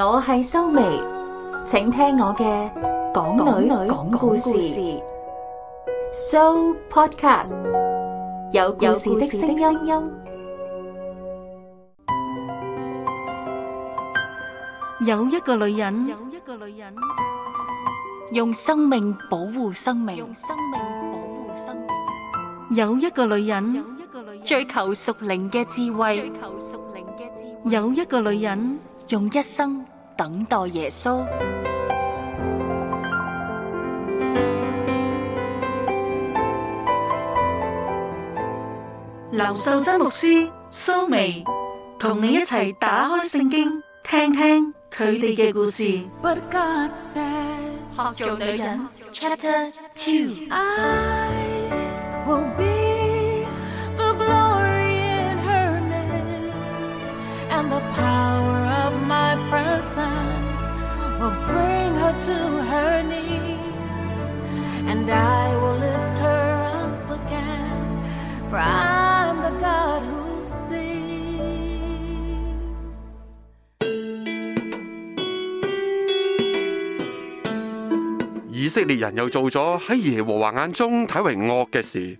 我係修眉，請聽我嘅講女女講故事，So Podcast 有故事的聲音。有一個女人，有一個女人用生命保護生命，用生命保護生命。有一個女人，有一個女人追求屬靈嘅智慧，追求屬靈嘅智慧。有一個女人。用一生等待耶穌。劉秀珍牧師蘇眉同你一齊打開聖經，聽聽佢哋嘅故事。學做女人，Chapter Two。以色列人又做咗喺耶和華眼中睇為惡嘅事，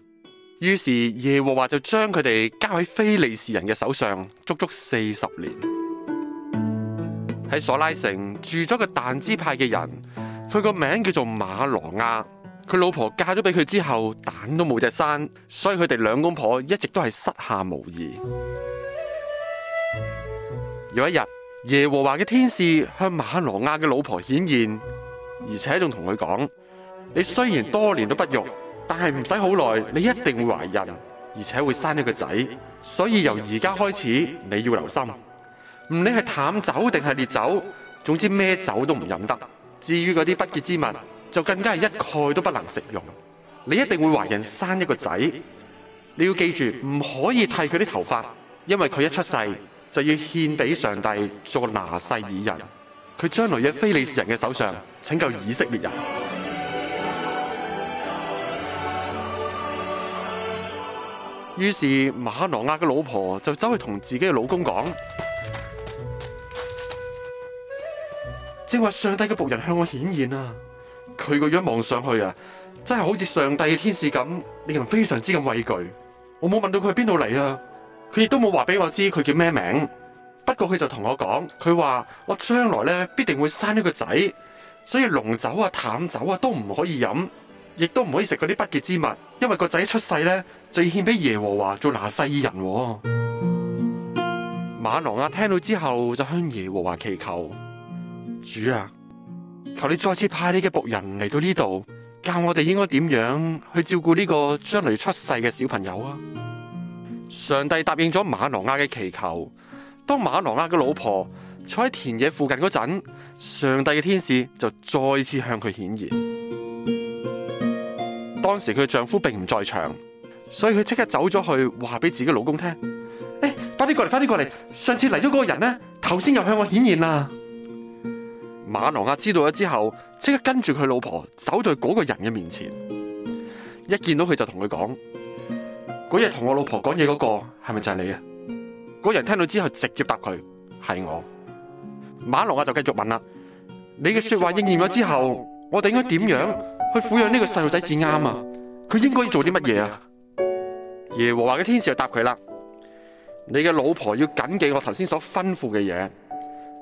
於是耶和華就將佢哋交喺非利士人嘅手上，足足四十年。喺索拉城住咗個但支派嘅人，佢個名叫做馬羅亞，佢老婆嫁咗俾佢之後，蛋都冇隻生，所以佢哋兩公婆一直都係膝下無兒。有一日，耶和華嘅天使向馬羅亞嘅老婆顯現。而且仲同佢講，你雖然多年都不育，但係唔使好耐，你一定會懷孕，而且會生一個仔。所以由而家開始，你要留心，唔理係淡酒定係烈酒，總之咩酒都唔飲得。至於嗰啲不潔之物，就更加係一概都不能食用。你一定會懷孕生一個仔，你要記住，唔可以剃佢啲頭髮，因為佢一出世就要獻俾上帝做拿世爾人。佢將來喺非利士人嘅手上，拯救以色列人。於是馬諾亞嘅老婆就走去同自己嘅老公講，正話上帝嘅僕人向我顯現啊！佢個樣望上去啊，真係好似上帝嘅天使咁，令人非常之咁畏懼。我冇問到佢喺邊度嚟啊，佢亦都冇話俾我知佢叫咩名。不過佢就同我講，佢話我將來咧必定會生一個仔。所以龍酒啊、淡酒啊都唔可以飲，亦都唔可以食嗰啲不潔之物，因為個仔出世咧，就要獻俾耶和華做拿細耳人啊。馬農亞聽到之後就向耶和華祈求：主啊，求你再次派你嘅僕人嚟到呢度，教我哋應該點樣去照顧呢個將來出世嘅小朋友啊！上帝答應咗馬農亞嘅祈求，當馬農亞嘅老婆坐喺田野附近嗰陣，上帝嘅天使就再次向佢顯現。當時佢嘅丈夫並唔在場，所以佢即刻走咗去話俾自己老公聽：誒，快啲過嚟，快啲過嚟！上次嚟咗嗰個人呢，頭先又向我顯現啦。馬羅亞、啊、知道咗之後，即刻跟住佢老婆走到嗰個人嘅面前，一見到佢就同佢講：嗰日同我老婆講嘢嗰個係咪就係你啊？嗰 人聽到之後直接答佢：係我。 馬龍亞就繼續問啦：你嘅說話應驗咗之後，我哋應該點樣去撫養呢個細路仔至啱啊？佢應該要做啲乜嘢啊？耶和華嘅天使就答佢啦：你嘅老婆要謹記我頭先所吩咐嘅嘢，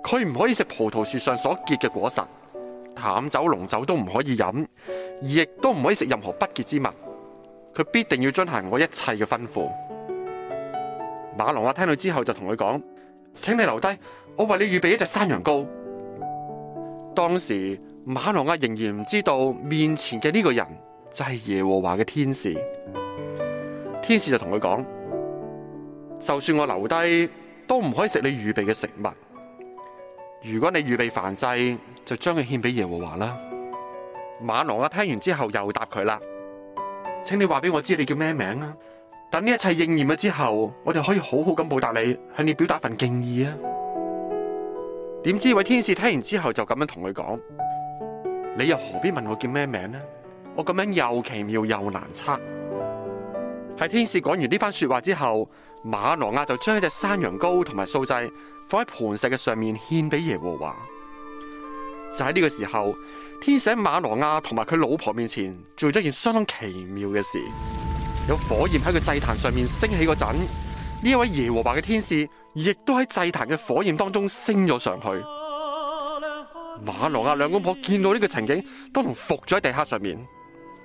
佢唔可以食葡萄樹上所結嘅果實，淡酒濃酒都唔可以飲，而亦都唔可以食任何不潔之物，佢必定要遵行我一切嘅吩咐。馬龍亞聽到之後就同佢講。請你留低，我為你預備一隻山羊羔。當時瑪挪亞、啊、仍然唔知道面前嘅呢個人就係、是、耶和華嘅天使。天使就同佢講：就算我留低，都唔可以食你預備嘅食物。如果你預備燔祭，就將佢獻俾耶和華啦。瑪挪亞、啊、聽完之後又答佢啦：請你話俾我知你叫咩名啊！等呢一切應驗咗之後，我哋可以好好咁報答你，向你表達份敬意啊！點知位天使聽完之後就咁樣同佢講：你又何必問我叫咩名呢？我個名又奇妙又難測。喺天使講完呢番說話之後，馬諾亞就將一隻山羊羔同埋素祭放喺磐石嘅上面獻俾耶和華。就喺呢個時候，天使喺馬諾亞同埋佢老婆面前做咗件相當奇妙嘅事。有火焰喺佢祭壇上面升起嗰陣，呢一位耶和華嘅天使亦都喺祭壇嘅火焰當中升咗上去。馬龍亞兩公婆見到呢個情景，都同伏咗喺地下上面。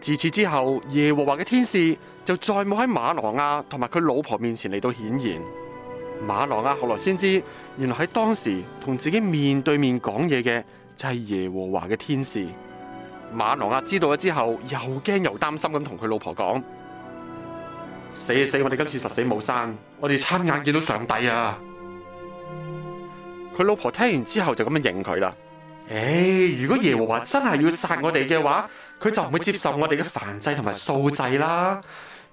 自此之後，耶和華嘅天使就再冇喺馬龍亞同埋佢老婆面前嚟到顯現。馬龍亞後來先知原來喺當時同自己面對面講嘢嘅就係耶和華嘅天使。馬龍亞知道咗之後，又驚又擔心咁同佢老婆講。死死，我哋今次實死冇生，我哋親眼見到上帝啊！佢老婆聽完之後就咁樣應佢啦。唉、哎，如果耶和華真係要殺我哋嘅話，佢就唔會接受我哋嘅燔祭同埋素祭啦，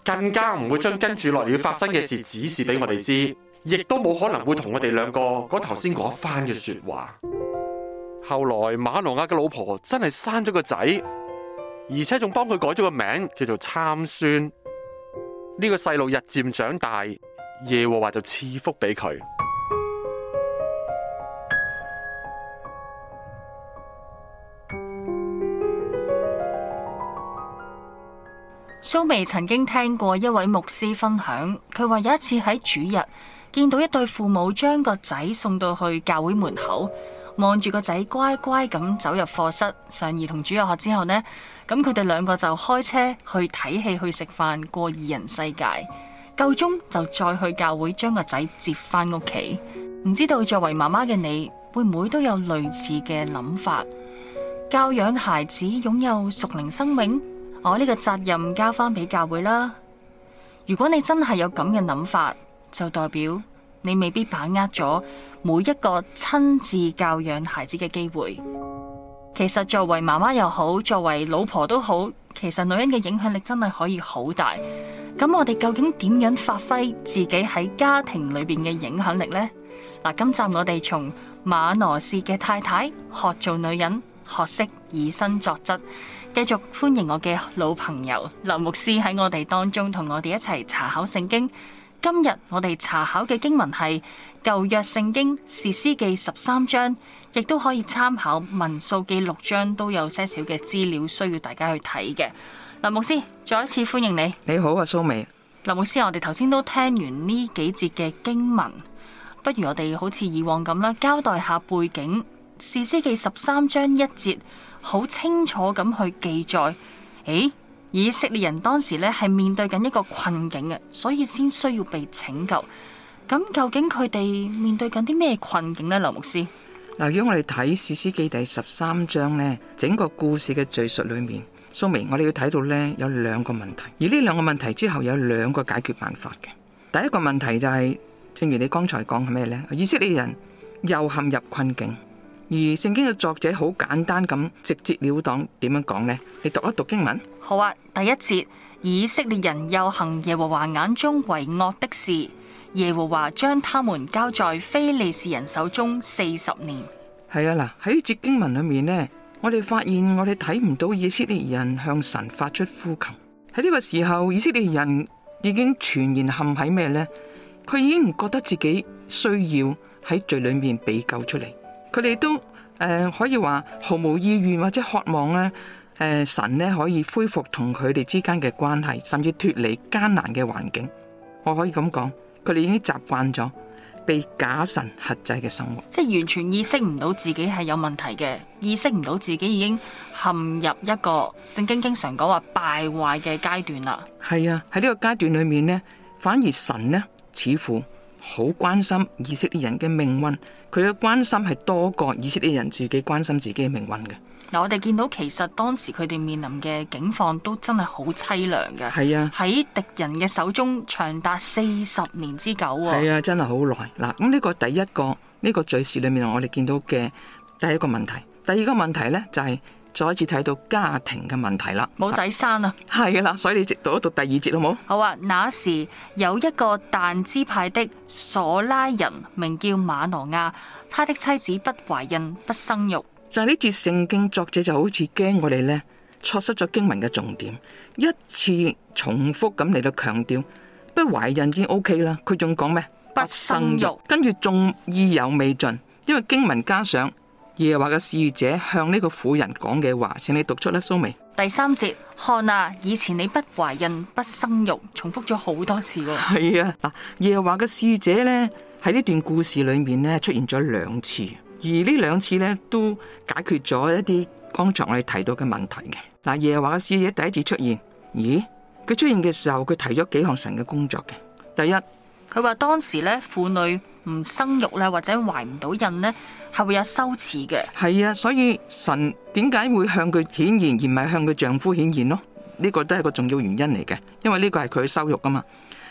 更加唔會將跟住落來要發生嘅事指示俾我哋知，亦都冇可能會同我哋兩個講頭先嗰番嘅說話。後來馬挪亞嘅老婆真係生咗個仔，而且仲幫佢改咗個名叫做參孫。呢個細路日漸長大，耶和華就賜福俾佢。蘇眉曾經聽過一位牧師分享，佢話有一次喺主日，見到一對父母將個仔送到去教會門口，望住個仔乖乖咁走入課室，上兒童主日學之後呢？咁佢哋兩個就開車去睇戲、去食飯、過二人世界，夠鐘就再去教會將個仔接返屋企。唔知道作為媽媽嘅你，會唔會都有類似嘅諗法？教養孩子擁有屬靈生命，我呢個責任交翻俾教會啦。如果你真係有咁嘅諗法，就代表你未必把握咗每一個親自教養孩子嘅機會。.其實作為媽媽又好，作為老婆都好，其實女人嘅影響力真係可以好大。咁我哋究竟點樣發揮自己喺家庭裏邊嘅影響力呢？嗱，今集我哋從馬諾斯嘅太太學做女人，學識以身作則。繼續歡迎我嘅老朋友林牧師喺我哋當中同我哋一齊查考聖經。今日我哋查考嘅經文係。舊約聖經士師記十三章，亦都可以參考民數記六章，都有些少嘅資料需要大家去睇嘅。林牧師，再一次歡迎你。你好啊，蘇美。林牧師，我哋頭先都聽完呢幾節嘅經文，不如我哋好似以往咁啦，交代下背景。士師記十三章一節，好清楚咁去記載，誒、哎，以色列人當時呢係面對緊一個困境嘅，所以先需要被拯救。咁究竟佢哋面對緊啲咩困境呢？劉牧師嗱，如果我哋睇《士師記》第十三章呢，整個故事嘅敘述裏面，說明我哋要睇到呢有兩個問題，而呢兩個問題之後有兩個解決辦法嘅。第一個問題就係、是，正如你剛才講係咩呢？以色列人又陷入困境，而聖經嘅作者好簡單咁直截了當點樣講呢？你讀一讀經文。好啊，第一節，以色列人又行耶和華眼中為惡的事。耶和華將他們交在非利士人手中四十年。係啊，嗱喺呢節經文裏面呢，我哋發現我哋睇唔到以色列人向神發出呼求。喺呢個時候，以色列人已經全然陷喺咩呢？佢已經唔覺得自己需要喺罪裏面被救出嚟。佢哋都誒、呃、可以話毫無意願或者渴望啊，誒、呃、神咧可以恢復同佢哋之間嘅關係，甚至脱離艱難嘅環境。我可以咁講。佢哋已經習慣咗被假神轄制嘅生活，即係完全意識唔到自己係有問題嘅，意識唔到自己已經陷入一個聖經經常講話敗壞嘅階段啦。係啊，喺呢個階段裏面呢，反而神呢，似乎好關心以色列人嘅命運，佢嘅關心係多過以色列人自己關心自己嘅命運嘅。嗱，我哋見到其實當時佢哋面臨嘅境況都真係好淒涼嘅。係啊，喺敵人嘅手中長達四十年之久，啊。係啊，真係好耐。嗱，咁呢個第一個呢，這個敘事裏面，我哋見到嘅第一個問題，第二個問題呢，就係、是、再一次睇到家庭嘅問題啦。冇仔生啊。係啦，所以你讀一讀第二節好冇？好啊。那時有一個但支派的索拉人，名叫馬挪亞，他的妻子不懷孕，不生育。就係呢節聖經作者就好似驚我哋呢，錯失咗經文嘅重點，一次重複咁嚟到強調，不懷孕已經 O K 啦，佢仲講咩？不生育，跟住仲意猶未盡，因為經文加上耶和華嘅使者向呢個婦人講嘅話，請你讀出嚟，蘇眉。第三節，看啊，以前你不懷孕不生育，重複咗好多次。係啊，嗱，耶和華嘅使者呢，喺呢段故事裏面呢，出現咗兩次。而呢兩次咧，都解決咗一啲剛才我哋提到嘅問題嘅。嗱，耶和華嘅使者第一次出現，咦？佢出現嘅時候，佢提咗幾項神嘅工作嘅。第一，佢話當時呢，婦女唔生育咧，或者懷唔到孕呢，係會有羞恥嘅。係啊，所以神點解會向佢顯現，而唔係向佢丈夫顯現咯？呢個都係個重要原因嚟嘅，因為呢個係佢嘅羞辱啊嘛。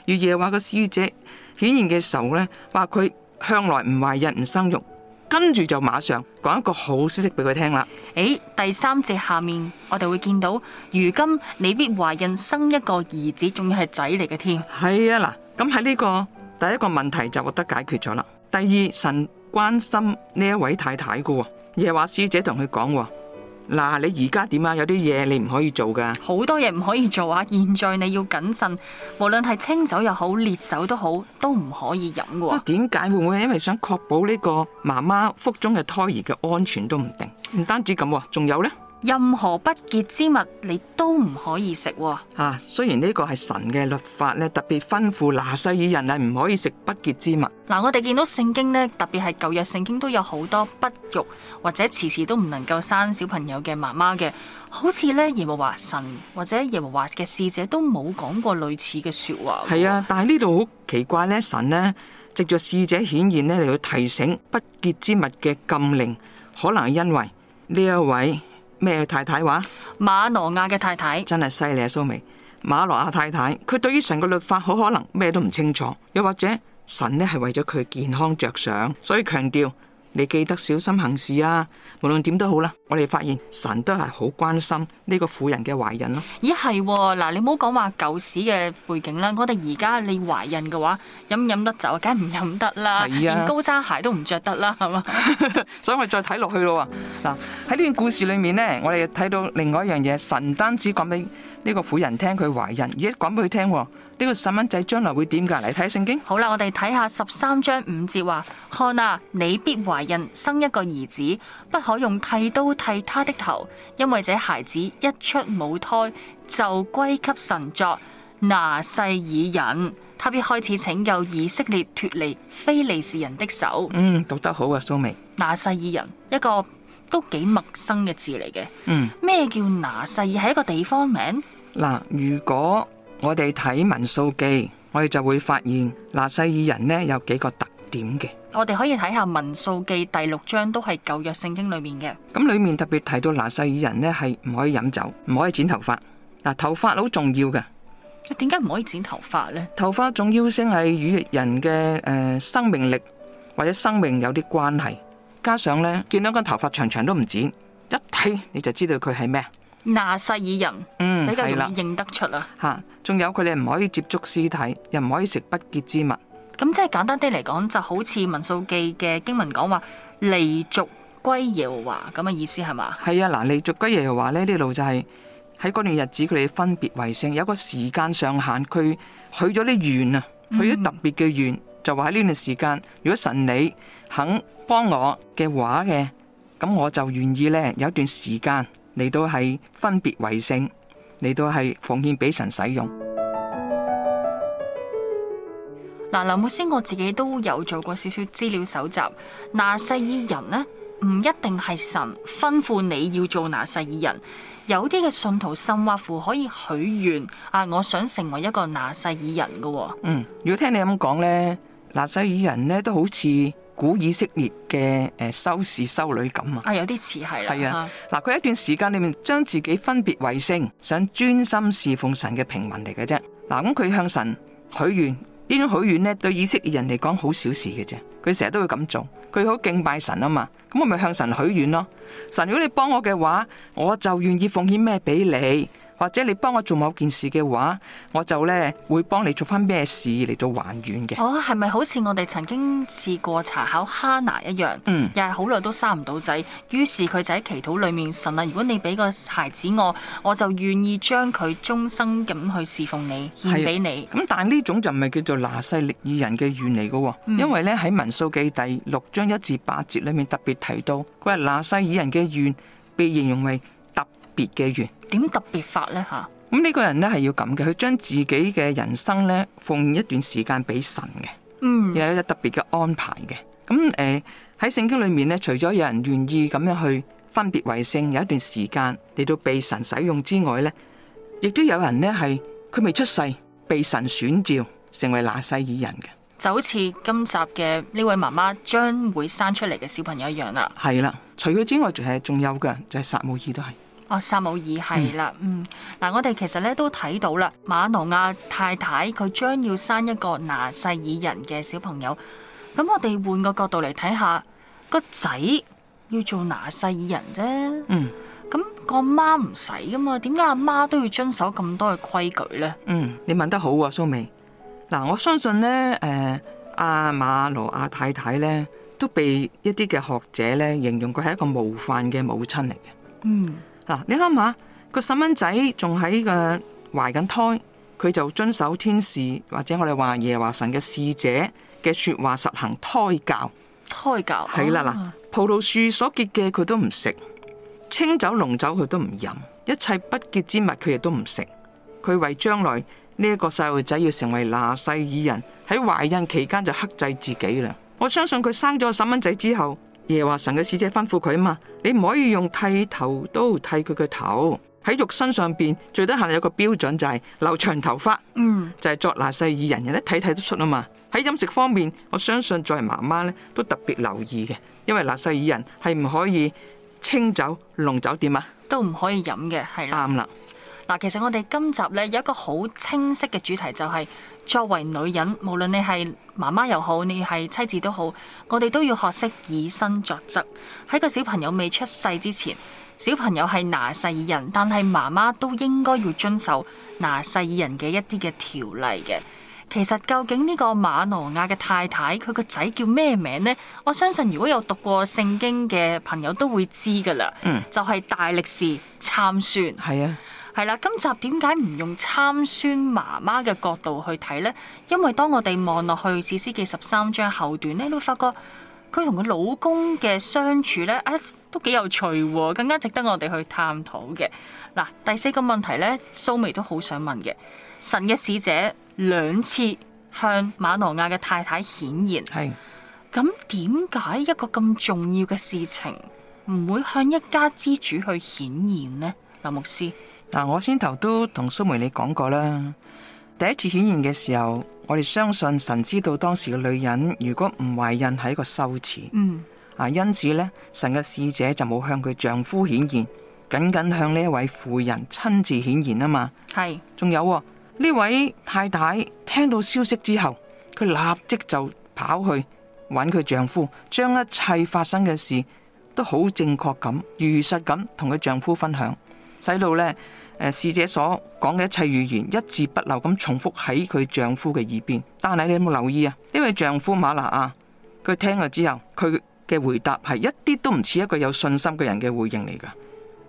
而耶和華嘅使者顯現嘅時候呢，話佢向來唔懷孕唔生育。跟住就馬上講一個好消息俾佢聽啦！誒、哎，第三節下面我哋會見到，如今你必懷孕生一個兒子，仲要係仔嚟嘅添。係啊、這個，嗱，咁喺呢個第一個問題就獲得解決咗啦。第二，神關心呢一位太太嘅，耶和華使者同佢講。嗱，你而家點啊？有啲嘢你唔可以做噶，好多嘢唔可以做啊！現在你要謹慎，無論係清酒又好烈酒都好，都唔可以飲噶。點解、啊、會唔會因為想確保呢個媽媽腹中嘅胎兒嘅安全都唔定？唔單止咁、啊，仲有咧。任何不潔之物，你都唔可以食、啊。啊，雖然呢個係神嘅律法咧，特別吩咐拿西爾人係唔可以食不潔之物。嗱、啊，我哋見到聖經呢，特別係舊約聖經都有好多不育或者遲遲都唔能夠生小朋友嘅媽媽嘅，好似呢耶和華神或者耶和華嘅使者都冇講過類似嘅說話的。係啊，但係呢度好奇怪呢，神呢，藉著使者顯現呢嚟要提醒不潔之物嘅禁令，可能係因為呢一位。咩太太話、啊？馬羅亞嘅太太真係犀利啊！蘇眉馬羅亞太太佢對於神嘅律法好可能咩都唔清楚，又或者神咧係為咗佢健康着想，所以強調。你記得小心行事啊！無論點都好啦，我哋發現神都係好關心呢個婦人嘅懷孕咯。咦係，嗱、啊、你唔好講話舊時嘅背景啦，我哋而家你懷孕嘅話，飲唔飲得酒啊？梗係唔飲得啦，係啊，連高踭鞋都唔着得啦，係嘛？ 所以我哋再睇落去咯。嗱，喺呢段故事裏面呢，我哋睇到另外一樣嘢，神唔單止講俾呢個婦人聽佢懷孕，而家講俾佢聽、啊。呢個細蚊仔將來會點噶？嚟睇聖經。好啦，我哋睇下十三章五節話：看啊，你必懷孕，生一個兒子，不可用剃刀剃他的頭，因為這孩子一出母胎就歸給神作拿細耳人。他必開始拯救以色列脱離非利士人的手。嗯，讀得好啊，蘇美。拿細耳人一個都幾陌生嘅字嚟嘅。嗯，咩叫拿細耳？係一個地方名。嗱，如果我哋睇民數記，我哋就會發現拿細耳人呢有幾個特點嘅。我哋可以睇下民數記第六章，都係舊約聖經裏面嘅。咁裏面特別提到拿細耳人呢係唔可以飲酒，唔可以剪頭髮。嗱，頭髮好重要嘅。點解唔可以剪頭髮呢？頭髮重要性係與人嘅誒生命力或者生命有啲關係。加上呢見到個頭髮長長都唔剪，一睇你就知道佢係咩。拿細耳人，嗯，比較容易了認得出啊。吓，仲有佢哋唔可以接觸屍體，又唔可以食不潔之物。咁即係簡單啲嚟講，就好似《民數記》嘅經文講話，離俗歸耶和華咁嘅意思係嘛？係啊，嗱，離俗歸耶和華咧呢度就係喺嗰段日子，佢哋分別為聖，有個時間上限，佢許咗啲願啊，許咗特別嘅願，嗯、就話喺呢段時間，如果神你肯幫我嘅話嘅，咁我就願意呢。有一段時間。嚟到係分別為聖，嚟到係奉獻俾神使用。嗱，劉牧師，我自己都有做過少少資料蒐集。拿細爾人呢，唔一定係神吩咐你要做拿細爾人。有啲嘅信徒甚或乎可以許願，啊，我想成為一個拿細爾人嘅。嗯，如果聽你咁講呢，拿細爾人呢，都好似古以色列嘅誒，修士修女咁啊，係有啲似係係啊，嗱，佢、啊啊、喺一段時間裏面將自己分別為聖，想專心侍奉神嘅平民嚟嘅啫。嗱，咁佢向神許願，呢種許願咧，對以色列人嚟講好小事嘅啫。佢成日都會咁做，佢好敬拜神啊嘛。咁我咪向神許願咯。神，如果你幫我嘅話，我就願意奉獻咩俾你。或者你幫我做某件事嘅話，我就咧會幫你做翻咩事嚟做還願嘅。哦，係咪好似我哋曾經試過查考哈拿一樣？嗯，又係好耐都生唔到仔，於是佢就喺祈禱裏面神啊！如果你俾個孩子我，我就願意將佢終生咁去侍奉你，獻俾你。咁但係呢種就唔係叫做拿西力爾人嘅願嚟嘅，嗯、因為咧喺民數記第六章一至八節裏面特別提到，嗰個拿西力爾人嘅願被形容為。別嘅緣點特別法呢？吓？咁呢個人呢，係要咁嘅，佢將自己嘅人生呢，奉獻一段時間俾神嘅，嗯，又有一特別嘅安排嘅。咁誒喺聖經裏面呢，除咗有人願意咁樣去分別為聖，有一段時間嚟到被神使用之外呢，亦都有人呢，係佢未出世被神選召成為拿細耳人嘅，就好似今集嘅呢位媽媽將會生出嚟嘅小朋友一樣啦。係啦，除咗之外仲係仲有嘅，就係、是、撒母耳都係。哦，撒母耳係啦，嗯，嗱、嗯啊，我哋其實咧都睇到啦，馬諾亞太太佢將要生一個拿細耳人嘅小朋友，咁我哋換個角度嚟睇下，個仔要做拿細耳人啫，嗯，咁個媽唔使噶嘛，點解阿媽都要遵守咁多嘅規矩呢？嗯，你問得好啊，蘇美，嗱、啊，我相信呢，誒、呃，阿馬諾亞太太呢，都被一啲嘅學者呢形容佢係一個模範嘅母親嚟嘅，嗯。嗱、啊，你諗下，個細蚊仔仲喺個懷緊胎，佢就遵守天使或者我哋話耶華神嘅使者嘅說話，實行胎教。胎教係啦，嗱、哦，葡萄樹所結嘅佢都唔食，清酒濃酒佢都唔飲，一切不潔之物佢亦都唔食。佢為將來呢一個細路仔要成為拿細耳人，喺懷孕期間就克制自己啦。我相信佢生咗個細蚊仔之後。耶華神嘅使者吩咐佢啊嘛，你唔可以用剃頭刀剃佢嘅頭，喺肉身上邊最低限有個標準就係、是、留長頭髮，嗯，就係作拿細耳人，人一睇睇得出啊嘛。喺飲食方面，我相信作為媽媽咧都特別留意嘅，因為拿細耳人係唔可以清酒、濃酒店啊，都唔可以飲嘅，係啦。啱啦了，嗱，其實我哋今集咧有一個好清晰嘅主題就係、是。作為女人，無論你係媽媽又好，你係妻子都好，我哋都要學識以身作則。喺個小朋友未出世之前，小朋友係拿細耳人，但係媽媽都應該要遵守拿細耳人嘅一啲嘅條例嘅。其實究竟呢個瑪挪亞嘅太太，佢個仔叫咩名呢？我相信如果有讀過聖經嘅朋友都會知㗎喇。嗯，就係大力士參孫。係啊。係啦，今集點解唔用參孫媽媽嘅角度去睇呢？因為當我哋望落去《士師記》十三章後段呢，你會發覺佢同佢老公嘅相處呢，誒、哎、都幾有趣喎，更加值得我哋去探討嘅。嗱，第四個問題呢，蘇眉都好想問嘅。神嘅使者兩次向馬挪亞嘅太太顯現，係咁點解一個咁重要嘅事情唔會向一家之主去顯現呢？林牧師。嗱、啊，我先頭都同蘇梅你講過啦，第一次顯現嘅時候，我哋相信神知道當時嘅女人如果唔懷孕係一個羞恥，嗯，啊，因此呢，神嘅使者就冇向佢丈夫顯現，僅僅向呢一位婦人親自顯現啊嘛，係是，仲有呢、啊、呢位太太聽到消息之後，佢立即就跑去搵佢丈夫，將一切發生嘅事都好正確咁、如實咁同佢丈夫分享，細路呢。誒，侍者所講嘅一切語言一字不漏咁重複喺佢丈夫嘅耳邊。但係你有冇留意啊？呢位丈夫瑪挪亞，佢聽咗之後，佢嘅回答係一啲都唔似一個有信心嘅人嘅回應嚟噶。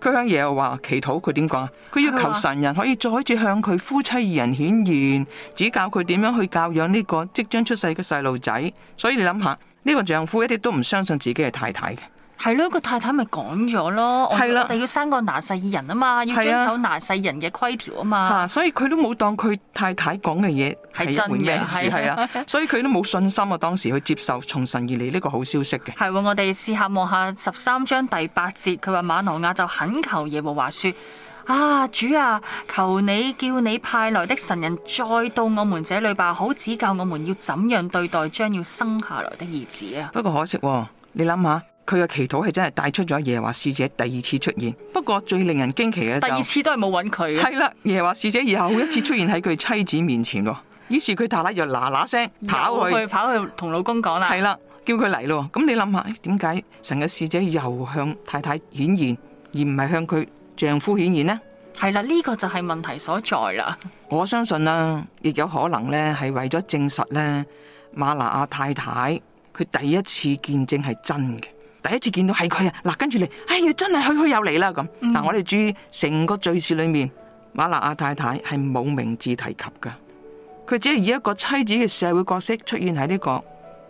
佢向耶和華祈禱，佢點講啊？佢要求神人可以再次向佢夫妻二人顯現，指教佢點樣去教養呢個即將出世嘅細路仔。所以你諗下，呢個丈夫一啲都唔相信自己係太太嘅。係咯，個太太咪講咗咯。的我哋要生個拿世人啊嘛，的要遵守拿世人嘅規條啊嘛。所以佢都冇當佢太太講嘅嘢係真嘅，係啊。所以佢都冇、啊、信心啊，當時去接受從神而嚟呢個好消息嘅。係我哋試下望下十三章第八節，佢話馬諾亞就懇求耶和華說：啊主啊，求你叫你派來的神人再到我們這裏吧，好指教我們要怎樣對待將要生下來的兒子啊。不過可惜、啊，你諗下。佢嘅祈禱係真係帶出咗耶華使者第二次出現，不過最令人驚奇嘅、就係，第二次都係冇揾佢。係啦，耶華使者又一次出現喺佢妻子面前。於 是佢太太又嗱嗱聲跑去跑去同老公講啦，係啦，叫佢嚟咯。咁你諗下，點解神嘅使者又向太太顯現，而唔係向佢丈夫顯現呢？係啦，呢、呢個就係問題所在啦。我相信啦，亦有可能咧係為咗證實咧馬娜亞太太佢第一次見證係真嘅。第一次見到係佢啊！嗱，跟住嚟，哎呀，真係去去有嚟啦咁。嗱，嗯、但我哋注意成個敘事裏面，馬拿亞太太係冇名字提及嘅，佢只係以一個妻子嘅社會角色出現喺呢個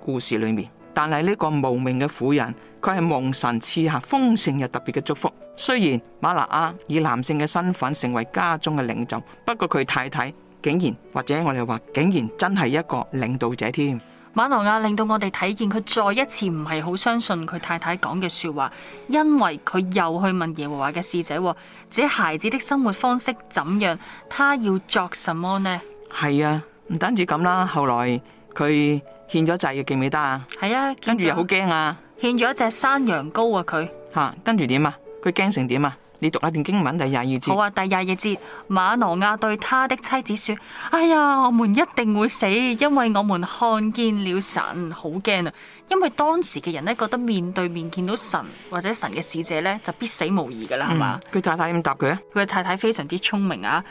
故事裏面。但係呢個無名嘅婦人，佢係蒙神賜下、豐盛又特別嘅祝福。雖然馬拿亞以男性嘅身份成為家中嘅領袖，不過佢太太竟然，或者我哋話，竟然真係一個領導者添。馬諾亞、啊、令到我哋睇見佢再一次唔係好相信佢太太講嘅說話，因為佢又去問耶和華嘅使者：，這孩子的生活方式怎樣？他要作什麼呢？係啊，唔單止咁啦，後來佢獻咗祭嘅記唔記得啊？係啊，啊，啊，跟住又好驚啊！獻咗隻山羊羔啊，佢吓，跟住點啊？佢驚成點啊？你讀一段經文第，第廿二節。好啊，第廿二節，馬挪亞對他的妻子説：哎呀，我們一定會死，因為我們看見了神，好驚啊！因為當時嘅人咧，覺得面對面見到神或者神嘅使者咧，就必死無疑噶啦，係嘛、嗯？佢吧太太點答佢啊？佢嘅太太非常之聰明啊，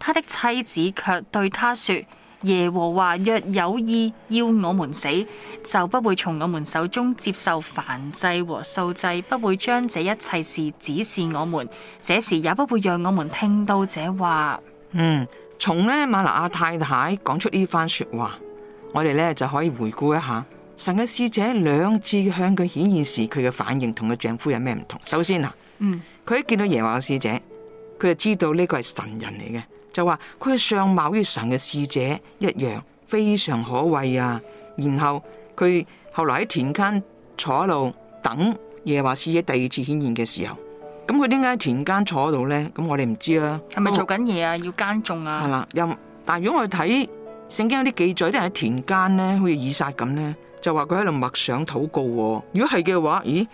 他的妻子卻對他説。耶和華若有意要我們死，就不會從我們手中接受燔祭和素祭，不會將這一切事指示我們，這時也不會讓我們聽到這話。嗯，從呢瑪拿亞太太講出呢番說話，我哋呢就可以回顧一下神嘅使者兩次向佢顯現時，佢嘅反應同佢丈夫有咩唔同。首先啊，嗯，佢一見到耶和華嘅使者，佢就知道呢個係神人嚟嘅。就話佢嘅相貌與神嘅使者一樣，非常可畏啊！然後佢後來喺田間坐喺度等耶華使者第二次顯現嘅時候，咁佢點解喺田間坐喺度咧？咁我哋唔知啦、啊。係咪做緊嘢啊？要耕種啊？係啦、哦，又、嗯、但係如果我哋睇聖經有啲記載，啲人喺田間咧，好似以撒咁咧，就話佢喺度默想禱告、啊。如果係嘅話，咦，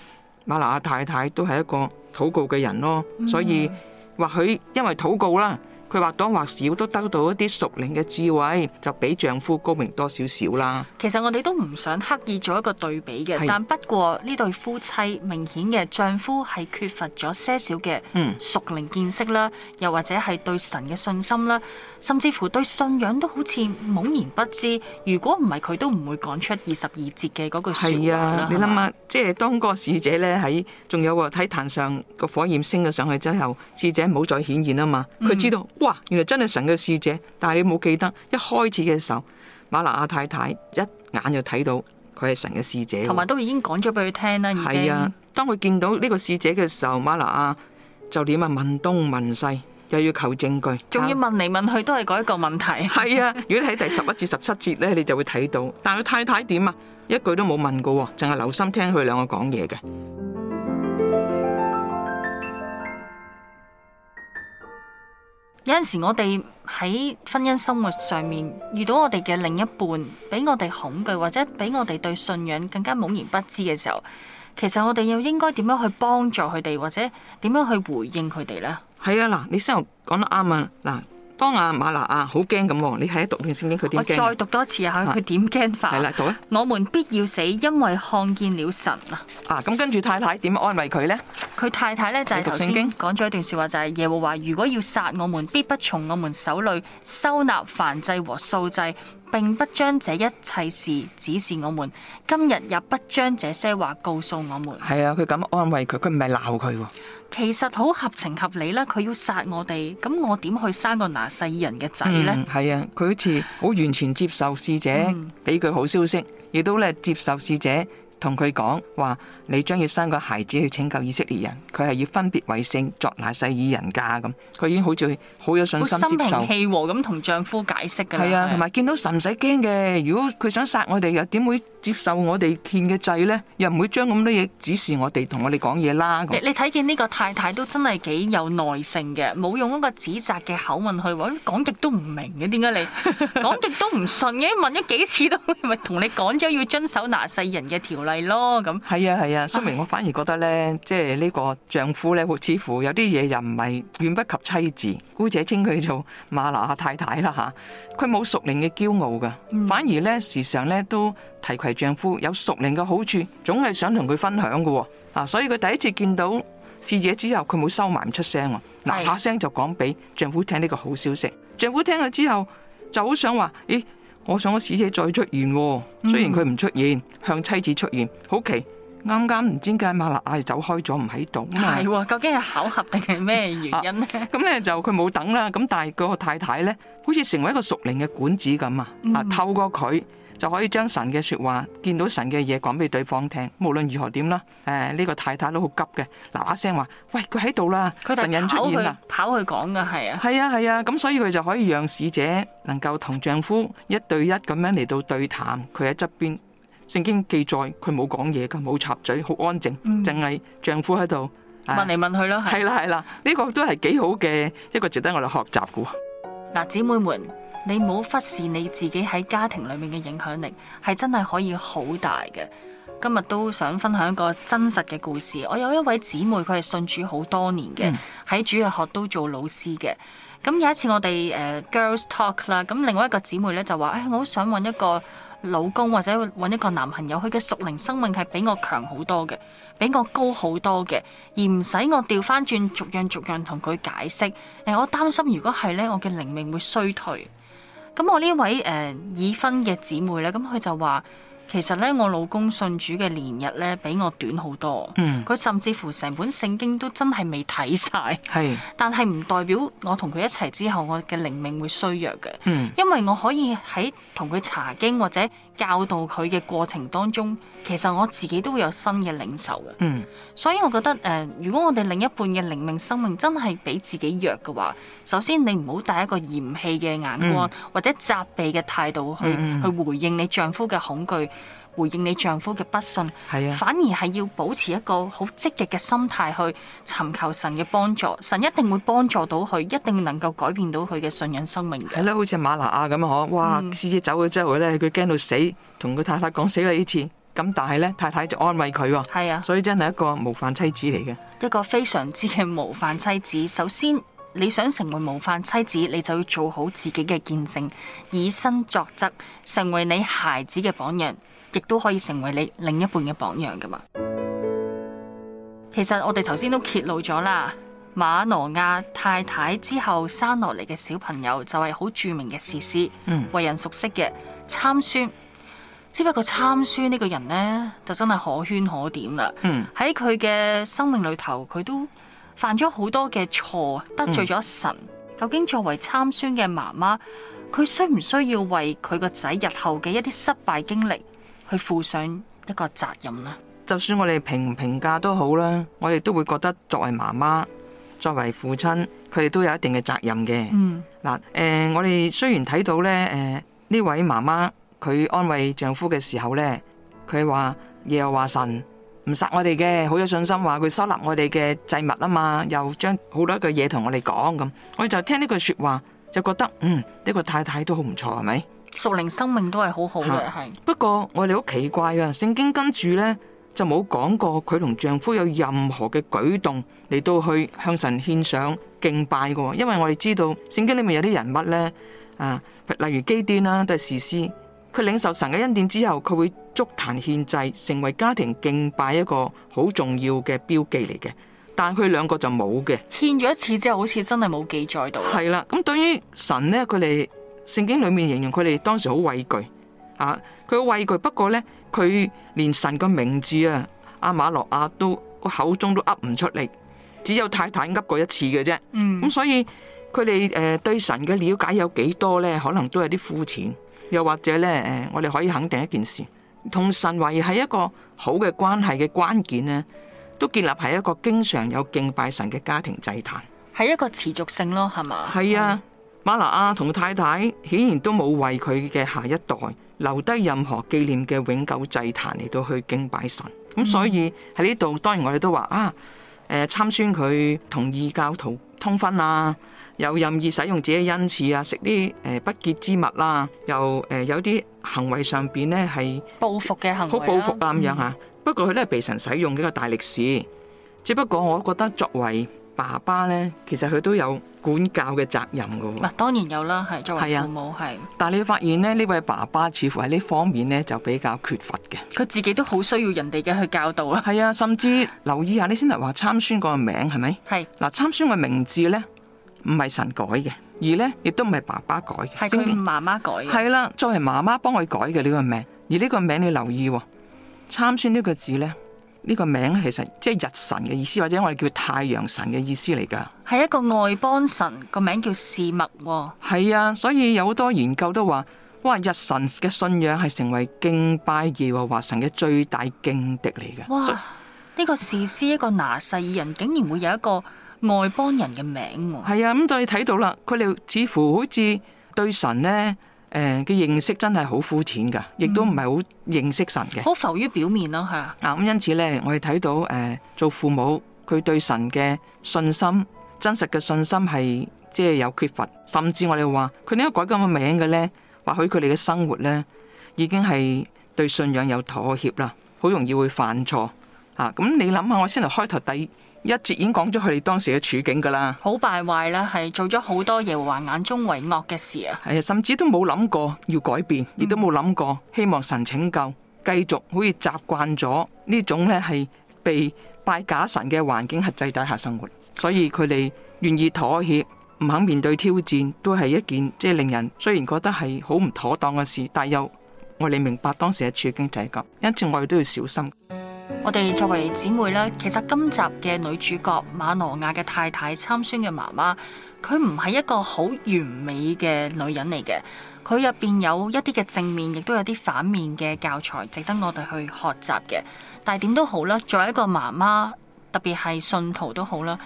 瑪挪亞太太都係一個禱告嘅人咯，嗯、所以或許因為禱告啦、啊。佢或多或少都得到一啲熟齡嘅智慧，就比丈夫高明多少少啦。其實我哋都唔想刻意做一個對比嘅，是但不過呢對夫妻明顯嘅丈夫係缺乏咗些少嘅熟齡見識啦，嗯、又或者係對神嘅信心啦。甚至乎對信仰都好似懵然不知。如果唔係佢都唔會講出二十二節嘅嗰句說話啊，吧你諗下，即係當個使者咧喺，仲有啊，喺壇上個火焰升咗上去之後，使者冇再顯現啊嘛。佢知道，嗯、哇，原來真係神嘅使者，但係你冇記得一開始嘅時候，馬娜亞太太一眼就睇到佢係神嘅使者。同埋都已經講咗俾佢聽啦，啊。已經係啊，當佢見到呢個使者嘅時候，馬娜亞就點啊，問東問西。又要求證據，仲要問嚟問去都係嗰一個問題。係 啊，如果你喺第十一至十七節咧，你就會睇到。但佢太太點啊？一句都冇問過，淨係留心聽佢兩個講嘢嘅。 有陣時，我哋喺婚姻生活上面遇到我哋嘅另一半，俾我哋恐懼，或者俾我哋對信仰更加懵然不知嘅時候，其實我哋又應該點樣去幫助佢哋，或者點樣去回應佢哋呢？係啊，嗱，你先講得啱啊，嗱，當阿馬拿啊，好驚咁，你喺讀完聖經佢點？我再讀多次下，佢點驚法？係啦，讀啊！我們必要死，因為看見了神啊！啊，咁跟住太太點安慰佢咧？佢太太咧就係讀聖經，講咗一段說話就係、是、耶和華，如果要殺我們，必不從我們手裏收納凡祭和素祭。」並不將這一切事指示我們，今日也不將這些話告訴我們。係啊，佢咁安慰佢，佢唔係鬧佢。其實好合情合理啦，佢要殺我哋，咁我點去生個拿細人嘅仔呢？係、嗯、啊，佢好似好完全接受使者俾佢、嗯、好消息，亦都咧接受使者。同佢講話，你將要生個孩子去拯救以色列人，佢係要分別為聖，作拿細耳人家。咁，佢已經好似好有信心，心平氣和咁同丈夫解釋㗎。係啊，同埋見到神，唔使驚嘅。如果佢想殺我哋，又點會接受我哋獻嘅祭呢？又唔會將咁多嘢指示我哋，同我哋講嘢啦。你睇見呢個太太都真係幾有耐性嘅，冇用嗰個指責嘅口吻去話，講極都唔明嘅，點解你講極都唔信嘅？問咗幾次都，咪同你講咗要遵守拿細人嘅條例。係咯，咁，係啊係啊，蘇明我反而覺得咧，哎、即係呢個丈夫咧，似乎有啲嘢又唔係遠不及妻子。姑姐稱佢做瑪拿阿太太啦吓，佢冇熟齡嘅驕傲噶，嗯、反而咧時常咧都提携丈夫，有熟齡嘅好處，總係想同佢分享噶。啊，所以佢第一次見到侍者之後，佢冇收埋唔出聲，嗱下聲就講俾丈夫聽呢個好消息。的丈夫聽咗之後就好想話，咦？我想個使者再出現、哦，雖然佢唔出現，向妻子出現，好奇，啱啱唔知點解瑪挪亞走開咗，唔喺度，係、 啊，究竟係巧合定係咩原因咧？咁咧、 啊、就佢冇等啦，咁但係嗰個太太咧，好似成為一個熟齡嘅管子咁啊，透過佢。就可以將神嘅說話，見到神嘅嘢講俾對方聽。無論如何點啦，誒、呃、呢、這個太太都好急嘅，嗱嗱聲話：喂，佢喺度啦，神人出現啦，跑去講噶係啊，係啊係啊，咁、啊、所以佢就可以讓使者能夠同丈夫一對一咁樣嚟到對談。佢喺側邊，聖經記載佢冇講嘢噶，冇插嘴，好安靜，淨係、嗯、丈夫喺度、啊、問嚟問去咯。係啦係啦，呢、啊啊啊啊這個都係幾好嘅一個值得我哋學習噶。嗱，姊妹們。你冇忽視你自己喺家庭裡面嘅影響力，係真係可以好大嘅。今日都想分享一個真實嘅故事。我有一位姊妹，佢係信主好多年嘅，喺、嗯、主日學都做老師嘅。咁有一次我哋誒、uh, girls talk 啦，咁另外一個姊妹咧就話：誒、哎、我好想揾一個老公或者揾一個男朋友，佢嘅屬靈生命係比我強好多嘅，比我高好多嘅，而唔使我調翻轉逐樣逐樣同佢解釋。誒、哎、我擔心如果係咧，我嘅靈命會衰退。咁我呢位誒、uh, 已婚嘅姊妹咧，咁佢就話：其實咧，我老公信主嘅年日咧，比我短好多。嗯，佢甚至乎成本聖經都真係未睇晒。係是，但係唔代表我同佢一齊之後，我嘅靈命會衰弱嘅。嗯，因為我可以喺同佢查經或者教導佢嘅過程當中，其實我自己都會有新嘅領受嘅。嗯、所以我覺得，誒、呃，如果我哋另一半嘅靈命生命真係比自己弱嘅話，首先你唔好帶一個嫌棄嘅眼光、嗯、或者責備嘅態度去嗯嗯去回應你丈夫嘅恐懼，回應你丈夫嘅不信，係啊，反而係要保持一個好積極嘅心態去尋求神嘅幫助，神一定會幫助到佢，一定能夠改變到佢嘅信仰生命嘅係啦。好似馬挪亞咁啊，嗬哇，嗯、使者走咗之後咧，佢驚到死，同佢太太講死啦呢次。咁但係咧，太太就安慰佢，係啊，所以真係一個模範妻子嚟嘅。一個非常之嘅模範妻子。首先，你想成為模範妻子，你就要做好自己嘅見證，以身作則，成為你孩子嘅榜樣。亦都可以成為你另一半嘅榜樣㗎嘛？其實我哋頭先都揭露咗啦，馬羅亞太太之後生落嚟嘅小朋友就係好著名嘅士師，嗯、為人熟悉嘅參孫。只不過參孫呢個人呢，就真係可圈可點啦。喺佢嘅生命裏頭，佢都犯咗好多嘅錯，得罪咗神。嗯、究竟作為參孫嘅媽媽，佢需唔需要為佢個仔日後嘅一啲失敗經歷？佢負上一個責任啦。就算我哋評唔評價都好啦，我哋都會覺得作為媽媽，作為父親，佢哋都有一定嘅責任嘅。嗯，嗱、呃，誒、呃，我哋雖然睇到咧，誒、呃、呢位媽媽佢安慰丈夫嘅時候咧，佢話耶和華神唔殺我哋嘅，好有信心話佢收納我哋嘅祭物啊嘛，又將好多嘅嘢同我哋講咁，我哋就聽呢句說話就覺得，嗯，呢、這個太太都好唔錯係咪？屬靈生命都係好好嘅，係吧。是不過我哋好奇怪啊，聖經跟住呢就冇講過佢同丈夫有任何嘅舉動嚟到去向神獻上敬拜嘅。因為我哋知道聖經裏面有啲人物呢，啊，例如基甸啦、啊，都係士師，佢領受神嘅恩典之後，佢會築壇獻祭，成為家庭敬拜一個好重要嘅標記嚟嘅。但佢兩個就冇嘅，獻咗一次之後，好似真係冇記載到。係啦，咁對於神呢，佢哋。聖經裏面形容佢哋當時好畏懼，啊，佢好畏懼。不過呢，佢連神個名字啊，阿馬諾亞都口中都噏唔出嚟，只有太太噏過一次嘅啫。咁、嗯嗯、所以佢哋誒對神嘅了解有幾多呢？可能都有啲膚淺。又或者呢，誒、呃，我哋可以肯定一件事，同神維繫一個好嘅關係嘅關鍵呢，都建立喺一個經常有敬拜神嘅家庭祭壇，係一個持續性咯，係嘛？係啊。馬拿亞同太太顯然都冇為佢嘅下一代留低任何紀念嘅永久祭壇嚟到去敬拜神，咁所以喺呢度當然我哋都話啊，誒參孫佢同異教徒通婚啊，又任意使用自己嘅恩賜啊，食啲誒不潔之物啦，又誒有啲行為上邊咧係報復嘅行為，好報復啊咁樣嚇。不過佢咧被神使用嘅一個大力士，只不過我覺得作為。爸爸咧，其實佢都有管教嘅責任噶，哦。嗱，當然有啦，係作為父母係。啊，是但係你要發現咧，呢位爸爸似乎喺呢方面咧就比較缺乏嘅。佢自己都好需要人哋嘅去教導啦，啊。係啊，啊，甚至留意下你先頭話參孫嗰個名係咪？係嗱，參孫嘅名字咧唔係神改嘅，而咧亦都唔係爸爸改嘅，係佢媽媽改嘅。係啦，啊，作為媽媽幫佢改嘅呢、這個名，而呢個名你留意，哦，參孫呢個字咧。呢個名其實即係日神嘅意思，或者我哋叫太陽神嘅意思嚟噶。係一個外邦神，個名叫示麥、哦。係啊，所以有好多研究都話，哇，日神嘅信仰係成為敬拜耶和華神嘅最大勁敵嚟嘅。哇，呢個士師一個拿細耳人，竟然會有一個外邦人嘅名、哦。係啊，咁就睇到啦，佢哋似乎好似對神呢。誒，嘅、呃、認識真係好膚淺噶，亦都唔係好認識神嘅，好浮、嗯、於表面咯，係啊。咁、啊、因此咧，我哋睇到誒、呃，做父母佢對神嘅信心，真實嘅信心係即係有缺乏，甚至我哋話佢呢個改咁嘅名嘅咧，或許佢哋嘅生活咧已經係對信仰有妥協啦，好容易會犯錯啊。咁、嗯、你諗下，我先頭開頭第。一節已經講咗佢哋當時嘅處境噶啦，好敗壞啦，係做咗好多耶和華眼中為惡嘅事啊！係啊，甚至都冇諗過要改變，亦都冇諗過希望神拯救，繼續好似習慣咗呢種咧係被拜假神嘅環境限制底下生活。所以佢哋願意妥協，唔肯面對挑戰，都係一件即係、就是、令人雖然覺得係好唔妥當嘅事，但又我哋明白當時嘅處境就係咁，因此我哋都要小心。我哋作為姊妹咧，其實今集嘅女主角瑪挪亞嘅太太參孫嘅媽媽，佢唔係一個好完美嘅女人嚟嘅。佢入邊有一啲嘅正面，亦都有啲反面嘅教材，值得我哋去學習嘅。但係點都好啦，作為一個媽媽，特別係信徒都好啦。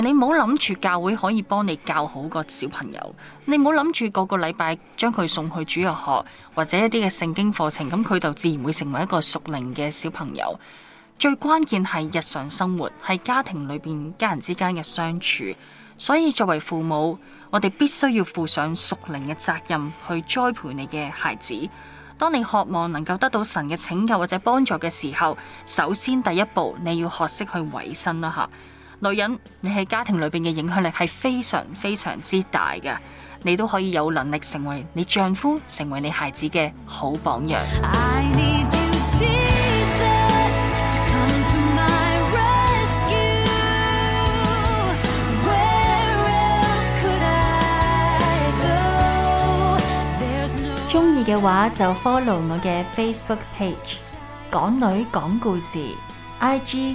你唔好諗住教會可以幫你教好個小朋友，你唔好諗住個個禮拜將佢送去主日學或者一啲嘅聖經課程，咁佢就自然會成為一個屬靈嘅小朋友。最關鍵係日常生活，係家庭裏邊家人之間嘅相處。所以作為父母，我哋必須要負上屬靈嘅責任去栽培你嘅孩子。當你渴望能夠得到神嘅拯救或者幫助嘅時候，首先第一步你要學識去委身啦，吓。女人，你喺家庭裏邊嘅影響力係非常非常之大嘅，你都可以有能力成為你丈夫、成為你孩子嘅好榜樣。中意嘅話就 follow 我嘅 Facebook page，港女講故事，IG。